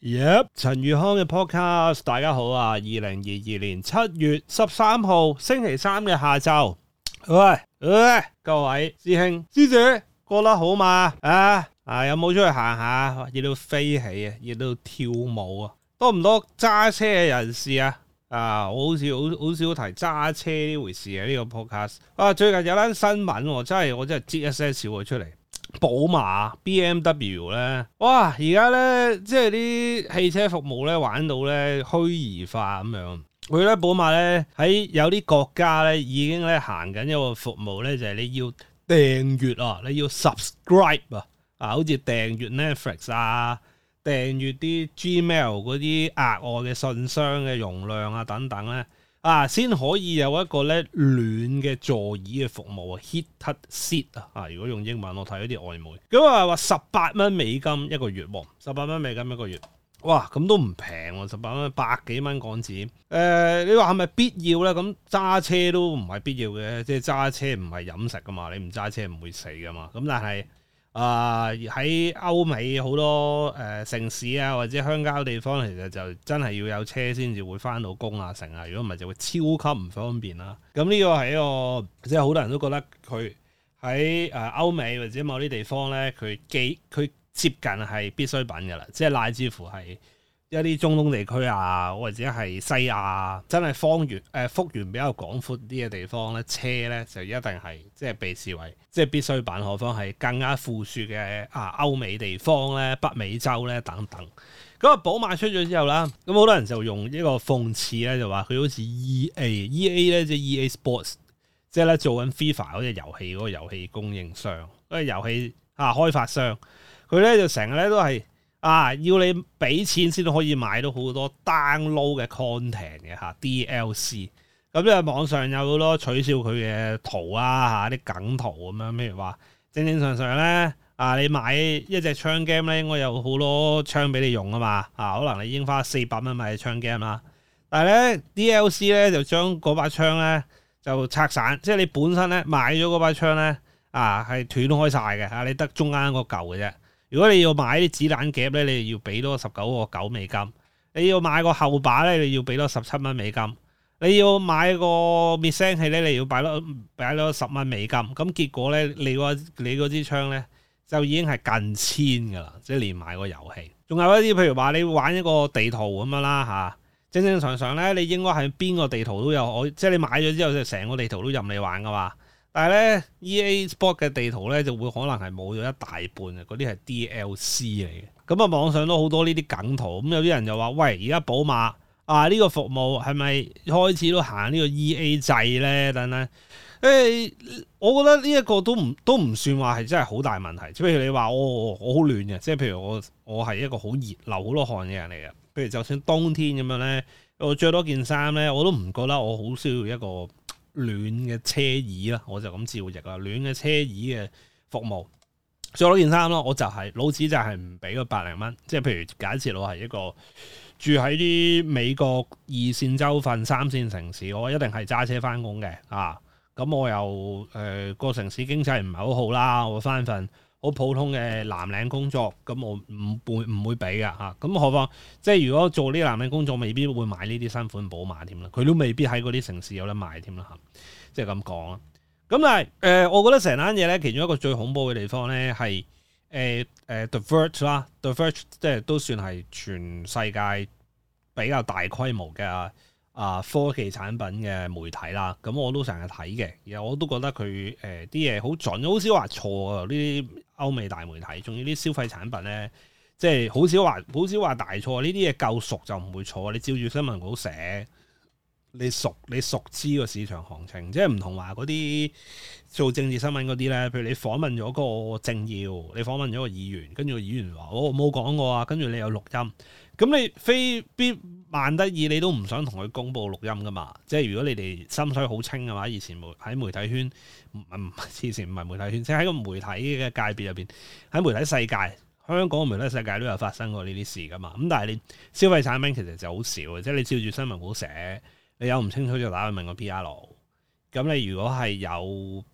耶！yep，陳宇康嘅 podcast，大家好啊！二零二二年七月十三號星期三嘅下晝，喂，誒，各位師兄師姐過得好嘛？啊啊，有冇出去行下？熱、啊、到飛起啊！熱到跳舞啊！多唔多揸車嘅人士啊？啊，我好似好好少提揸車呢回事啊！呢、這個 podcast 啊，最近有單新聞，真係我真係擠一些少嘅出嚟。寶馬、BMW 咧，哇！而家咧，即係啲汽車服務咧，玩到咧虛擬化咁樣。佢咧寶馬咧喺有啲國家咧已經咧行緊一個服務咧，就係你要訂閱啊，你要 subscribe 啊，啊，好似訂閱 Netflix 啊，訂閱啲 Gmail 嗰啲額外嘅信箱嘅容量啊等等咧。啊，先可以有一個咧暖嘅座椅嘅服務啊，heat s e t 啊，啊！如果用英文，我睇一啲外媒，咁啊話十八蚊美金一個月喎，十八蚊美金一個月，哇！咁都唔平喎，十八蚊百幾蚊港紙。誒、呃，你話係咪必要咧？咁揸車都唔係必要嘅，即係揸車唔係飲食噶嘛，你唔揸車唔會死噶嘛。咁但係。啊！喺、呃、歐美好多誒、呃、城市啊，或者鄉郊地方，其實就真係要有車先至會返到工啊，成啊！如果唔係就會超級唔方便啦、啊。咁呢個係一個即係好多人都覺得佢喺誒歐美或者某啲地方咧，佢幾佢接近係必需品嘅啦，即係乃至乎係。一啲中東地區啊，或者係西亞，真係方圓誒幅員、呃、比較廣闊啲嘅地方咧，車咧就一定係即係被視為即係必需品，何況係更加富庶嘅啊歐美地方咧、北美洲咧等等。咁、嗯、啊，寶馬出咗之後啦，咁好多人就用一個諷刺咧，就話佢好似 EA，EA 咧、欸、即係 EA、就是 EA、Sports，即係咧做緊 FIFA 嗰隻遊戲嗰、嗰個遊戲供應商，嗰、嗰個遊戲啊開發商，佢咧就成日咧都係。啊！要你俾錢先都可以買到好多 download 嘅 content 嘅嚇，DLC。咁因為網上有好多取笑佢嘅圖啊，嚇、啊、啲梗圖咁、啊、樣。譬如話正正常常咧，啊你買一隻槍 game 咧，應該有好多槍俾你用啊嘛。啊，可能你已經花四百蚊買槍 game 啦。但係咧 DLC 咧就將嗰把槍咧就拆散，即係你本身咧買咗嗰把槍咧啊係斷開晒嘅，啊你得中間嗰嚿嘅啫。如果你要買啲子彈夾咧，你要俾多十九個九美金；你要買個後把咧，你要俾多十七蚊美金；你要買個滅聲器咧，你要擺多擺多十蚊美金。咁結果咧，你個你嗰支槍咧就已經係近千噶啦，即係連埋個遊戲。仲有一啲譬如話你玩一個地圖咁樣啦嚇，正正常常咧，你應該係邊個地圖都有我，即係你買咗之後，就成個地圖都任你玩噶嘛。但係咧，E A Sport 嘅地圖咧，就會可能係冇咗一大半嘅，嗰啲係 D L C 嚟嘅。咁、嗯、啊，網上都好多呢啲梗圖。咁、嗯、有啲人就話，喂，而家寶馬啊，呢、這個服務係咪開始都行個 EA 呢個 E A 制咧？等等。誒、欸，我覺得呢一個都唔都唔算話係真係好大問題。譬如你話、哦，我我好暖嘅，即係譬如我我係一個好熱流好多汗嘅人嚟嘅。譬如就算冬天咁樣咧，我着多件衫咧，我都唔覺得我好需要一個。暖嘅車椅啦，我就咁照譯啦。暖嘅車椅嘅服務，所以攞件衫咯，我就係、是，老子就係唔俾佢百零蚊。即係譬如，假設我係一個住喺啲美國二線州份、三線城市，我一定係揸車翻工嘅啊。咁我又誒個、呃、城市經濟唔係好好啦，我翻份，好普通嘅藍領工作，咁我唔會唔會俾噶嚇，咁、啊、何況即係如果做呢啲藍領工作，未必會買呢啲新款寶馬添啦，佢都未必喺嗰啲城市有得賣添啦嚇，即係咁講啦。咁、啊、但係誒、呃，我覺得成單嘢咧，其中一個最恐怖嘅地方咧，係誒誒 The Verge 啦，The Verge 即係都算係全世界比較大規模嘅。啊！科技產品嘅媒體啦，咁我都成日睇嘅，然後我都覺得佢誒啲嘢好準，好少話錯啊！呢啲歐美大媒體，仲要啲消費產品咧，即係好少話，好少話大錯。呢啲嘢夠熟就唔會錯，你照住新聞稿寫。你熟，你熟知個市場行情，即係唔同話嗰啲做政治新聞嗰啲咧，譬如你訪問咗個政要，你訪問咗個議員，跟住個議員話：我冇講過啊！跟住你有錄音，咁你非必萬得已，你都唔想同佢公布錄音噶嘛？即係如果你哋心水好清嘅話，以前媒喺媒體圈，唔、嗯、唔前唔係媒體圈，即係喺個媒體嘅界別入邊，喺媒體世界，香港嘅媒體世界都有發生過呢啲事噶嘛。咁但係你消費產品其實就好少，即係你照住新聞稿寫。你有唔清楚就打去問個 P.R. 咁你如果係有，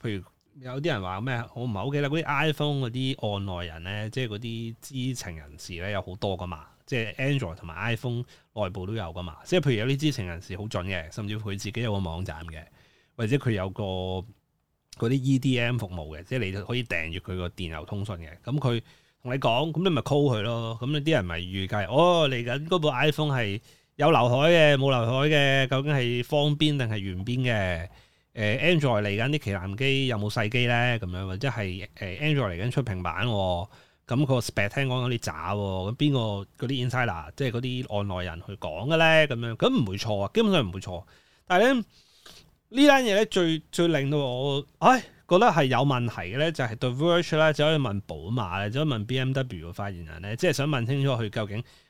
譬如有啲人話咩，我唔係好記得嗰啲 iPhone 嗰啲案內人咧，即係嗰啲知情人士咧，有好多噶嘛，即係 Android 同埋 iPhone 內部都有噶嘛。即係譬如有啲知情人士好準嘅，甚至乎佢自己有個網站嘅，或者佢有個嗰啲 E.D.M 服務嘅，即係你可以訂閱佢個電郵通訊嘅。咁佢同你講，咁你咪 call 佢咯。咁你啲人咪預計，哦嚟緊嗰部 iPhone 係。有劉海嘅，冇劉海嘅，究竟係方邊定係圓邊嘅？誒、呃、，Android 嚟緊啲旗艦機有冇細機咧？咁樣或者係誒、呃、Android 嚟緊出平板喎？咁、哦那個 Spec 聽講有啲渣喎？咁邊個嗰啲 Insider，即係嗰啲案內人去講嘅咧？咁樣咁唔會錯啊，基本上唔會錯。但係咧呢單嘢咧最最令到我唉覺得係有問題嘅咧，就係對 Verge 咧，就可以問寶馬咧，就可以問 BMW 嘅發言人咧，即係想問清楚佢究竟。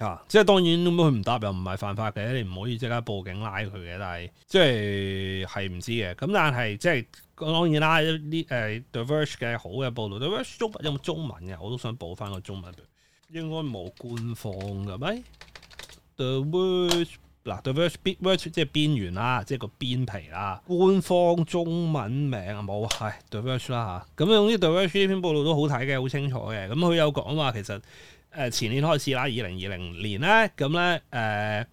啊、即係當然，咁佢唔答又唔係犯法嘅，你唔可以即刻報警拉佢嘅。但係即係係唔知嘅。咁但係即係當然啦。呢誒 The Verge 嘅好嘅報導，The Verge 中有冇中文嘅？我都想補翻個中文。應該冇官方嘅咪 The Verge 嗱 The Verge The Verge 即係邊緣啦，即係個邊皮啦。官方中文名係冇係 The Verge 啦嚇。咁總之 The Verge 呢篇報導都好睇嘅，好清楚嘅。咁、嗯、佢有講啊嘛，其實。誒前年開始啦，二零二零年咧，咁咧誒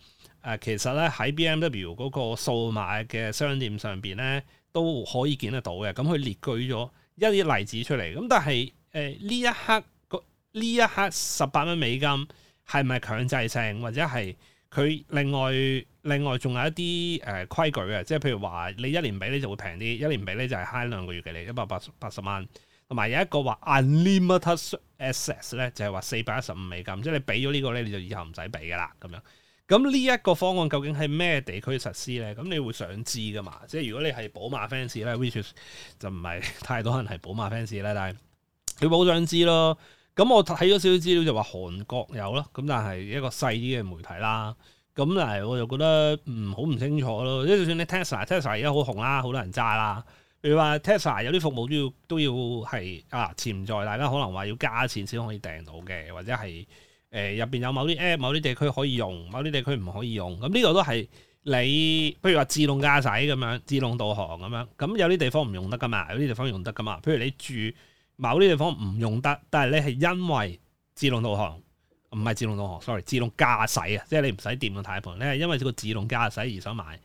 誒，其實咧喺 BMW 嗰個數碼嘅商店上邊咧，都可以見得到嘅。咁佢列舉咗一啲例子出嚟。咁但係誒呢一刻呢一刻十八蚊美金係咪強制性，或者係佢另外另外仲有一啲誒、呃、規矩嘅？即係譬如話你一年俾咧就會平啲，一年俾咧就係慳兩個月嘅，你一百八十八十萬，同埋有一個話 unlimited access 咧就係話四百一十五美金，即係你俾咗呢個咧，你就以後唔使俾噶啦咁樣。咁呢一個方案究竟係咩地區實施咧？咁你會想知噶嘛？即係如果你係寶馬 fans 咧，which is, 就唔係太多人係寶馬 fans 咧，但係你好想知咯。咁我睇咗少少資料就話韓國有咯，咁但係一個細啲嘅媒體啦。咁但係我就覺得唔好唔清楚咯。即係就算你 Tesla，Tesla 而家好紅啦，好多人揸啦。譬如話 Tesla 有啲服務都要都要係啊潛在，大家可能話要加錢先可以訂到嘅，或者係誒入邊有某啲 app、某啲地區可以用，某啲地區唔可以用。咁呢個都係你，譬如話自動駕駛咁樣、自動導航咁樣。咁有啲地方唔用得㗎嘛，有啲地方用得㗎嘛。譬如你住某啲地方唔用得，但係你係因為自動導航唔係自動導航，sorry，自動駕駛啊，即係你唔使掂個軚盤，你係因為個自動駕駛而想買。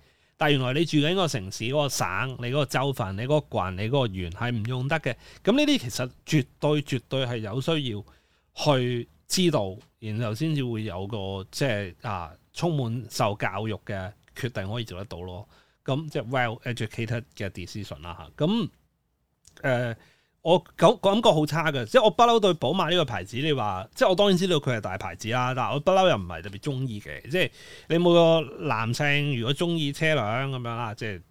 但原來你住緊個城市、個省、你嗰個州份、你嗰個郡、你嗰個縣係唔用得嘅。咁呢啲其實絕對、絕對係有需要去知道，然後先至會有個即係啊充滿受教育嘅決定可以做得到咯。咁即係 well-educated 嘅 decision 啦嚇。咁誒。我感感覺好差嘅，即係我不嬲對寶馬呢個牌子，你話即係我當然知道佢係大牌子啦，但係我不嬲又唔係特別中意嘅。即係你每個男性如果中意車輛咁樣啦，即係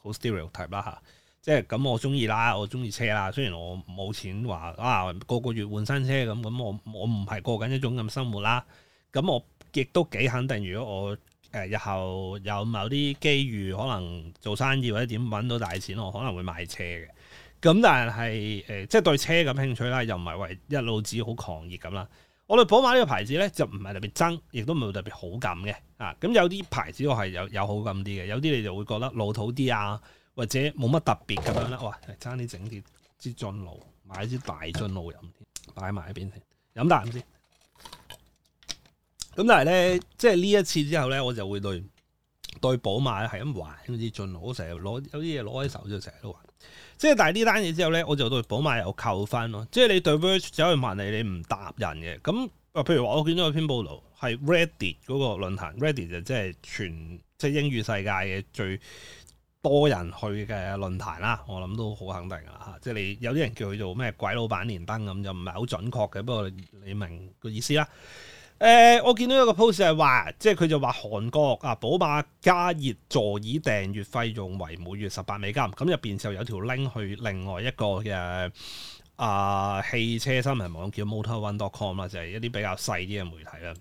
好 stereotype 啦吓。即係咁我中意啦，我中意車啦。雖然我冇錢話啊個個月換新車咁，咁我我唔係過緊一種咁生活啦。咁我亦都幾肯定，如果我誒日後有某啲機遇，可能做生意或者點搵到大錢，我可能會買車嘅。咁但係誒，即係對車咁興趣啦，又唔係話一路子好狂熱咁啦。我對寶馬呢個牌子咧，就唔係特別憎，亦都唔係特別好感嘅啊。咁有啲牌子我係有有好感啲嘅，有啲你就會覺得老土啲啊，或者冇乜特別咁樣啦。哇，爭啲整啲支樽路，買支大樽路飲添，擺埋一邊先飲啖先。咁但係咧，即係呢一次之後咧，我就會對對寶馬係咁玩嗰啲樽路，我成日攞有啲嘢攞喺手就成日都玩。即係但係呢單嘢之後咧，我就對寶馬又扣翻咯。即係你對 v i r s 走去問你，你唔答人嘅。咁啊，譬如話我見咗篇報道，係 Reddit 嗰個論壇，Reddit 就即係全即係英語世界嘅最多人去嘅論壇啦。我諗都好肯定啊，即係你有啲人叫佢做咩鬼老板連登咁，就唔係好準確嘅。不過你,你明個意思啦。誒、呃，我見到一個 post 係話，即係佢就話韓國啊，寶馬加熱座椅訂閱月費用為每月十八美金。咁入邊就有條 link 去另外一個嘅啊汽車新聞網叫 motorone.com 啦，就係一啲比較細啲嘅媒體啦。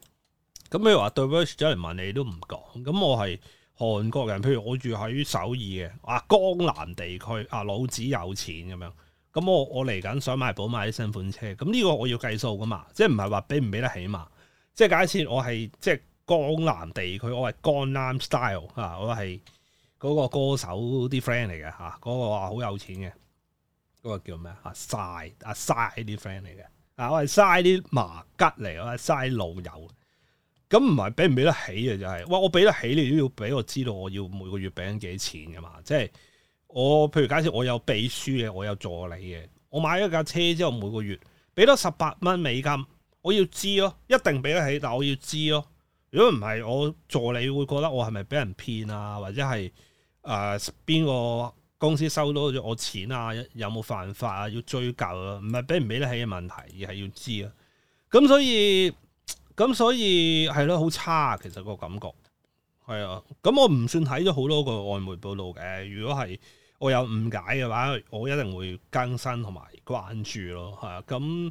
咁譬如話對 Rich 嚟問你都唔講，咁我係韓國人，譬如我住喺首爾嘅啊江南地區，啊老子有錢咁樣，咁我我嚟緊想買寶馬啲新款車，咁呢個我要計數噶嘛，即係唔係話俾唔俾得起嘛？即係假設我係即係江南地區，佢我係江南 style 嚇、啊，我係嗰個歌手啲 friend 嚟嘅嚇，嗰、啊那個哇好有錢嘅，嗰、啊、個叫咩嚇？曬阿曬啲 friend 嚟嘅，嗱、啊啊、我係曬啲麻吉嚟，我係曬老友。咁唔係俾唔俾得起嘅、啊、就係、是，哇！我俾得起你都要俾我知道，我要每個月俾緊幾錢㗎嘛。即係我譬如假設我有秘書嘅，我有助理嘅，我買咗架車之後，每個月俾多十八蚊美金。我要知咯，一定俾得起，但我要知咯。如果唔係，我助理會覺得我係咪俾人騙啊，或者係誒邊個公司收多咗我錢啊？有冇犯法啊？要追究啊？唔係俾唔俾得起嘅問題，而係要知啊。咁所以咁所以係咯，好差其實個感覺。係啊，咁我唔算睇咗好多個外媒報道嘅。如果係我有誤解嘅話，我一定會更新同埋關注咯。係啊，咁。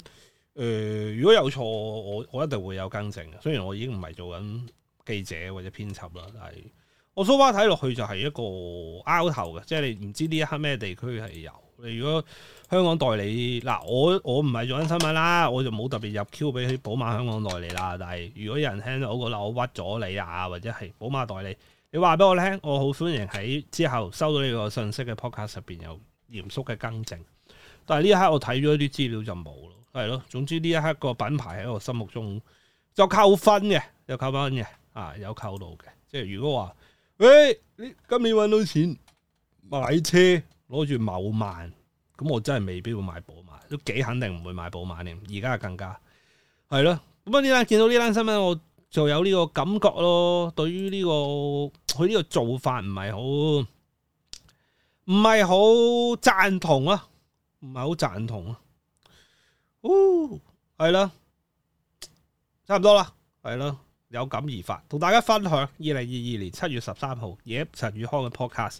誒、呃，如果有錯，我我一定會有更正嘅。雖然我已經唔係做緊記者或者編輯啦，但係我 so far 睇落去就係一個 out 頭嘅，即係你唔知呢一刻咩地區係有。你如果香港代理嗱，我我唔係做緊新聞啦，我就冇特別入 Q 俾啲寶馬香港代理啦。但係如果有人聽到我，我覺得我屈咗你啊，或者係寶馬代理，你話俾我聽，我好歡迎喺之後收到呢個信息嘅 podcast 入邊有嚴肅嘅更正。但係呢一刻我睇咗啲資料就冇啦。係咯，總之呢一刻個品牌喺我心目中就，就扣分嘅、啊，有扣分嘅，啊有扣路嘅。即係如果話，喂，你今年搵到錢買車，攞住某萬，咁我真係未必會買寶馬，都幾肯定唔會買寶馬添。而家更加係咯。咁啊呢單見到呢單新聞，我就有呢個感覺咯。對於呢、這個佢呢個做法唔係好，唔係好贊同啊，唔係好贊同啊。哦，係啦，差唔多啦，係咯，有感而發，同大家分享二零二二年七月十三號葉陳宇康嘅 podcast。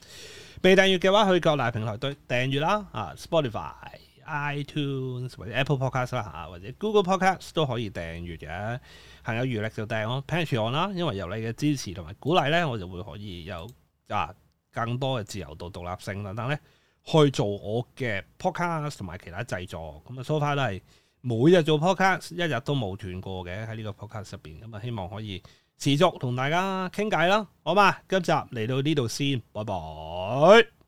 未訂閱嘅話，去各大平台都訂閱啦，啊，Spotify、iTunes 或者 Apple Podcast 啦，啊，吓或者 Google Podcast 都可以訂閱嘅。行有餘力就訂咯，Thank you 啦，Patreon，因為有你嘅支持同埋鼓勵咧，我就會可以有啊更多嘅自由度，獨立性等等咧，去做我嘅 podcast 同埋其他製作，咁、嗯、啊、so far 都係每日做 podcast，一日都冇斷過嘅喺呢個 podcast 入邊，咁、嗯、啊，希望可以持續同大家傾偈啦，好嘛？今集嚟到呢度先，拜拜。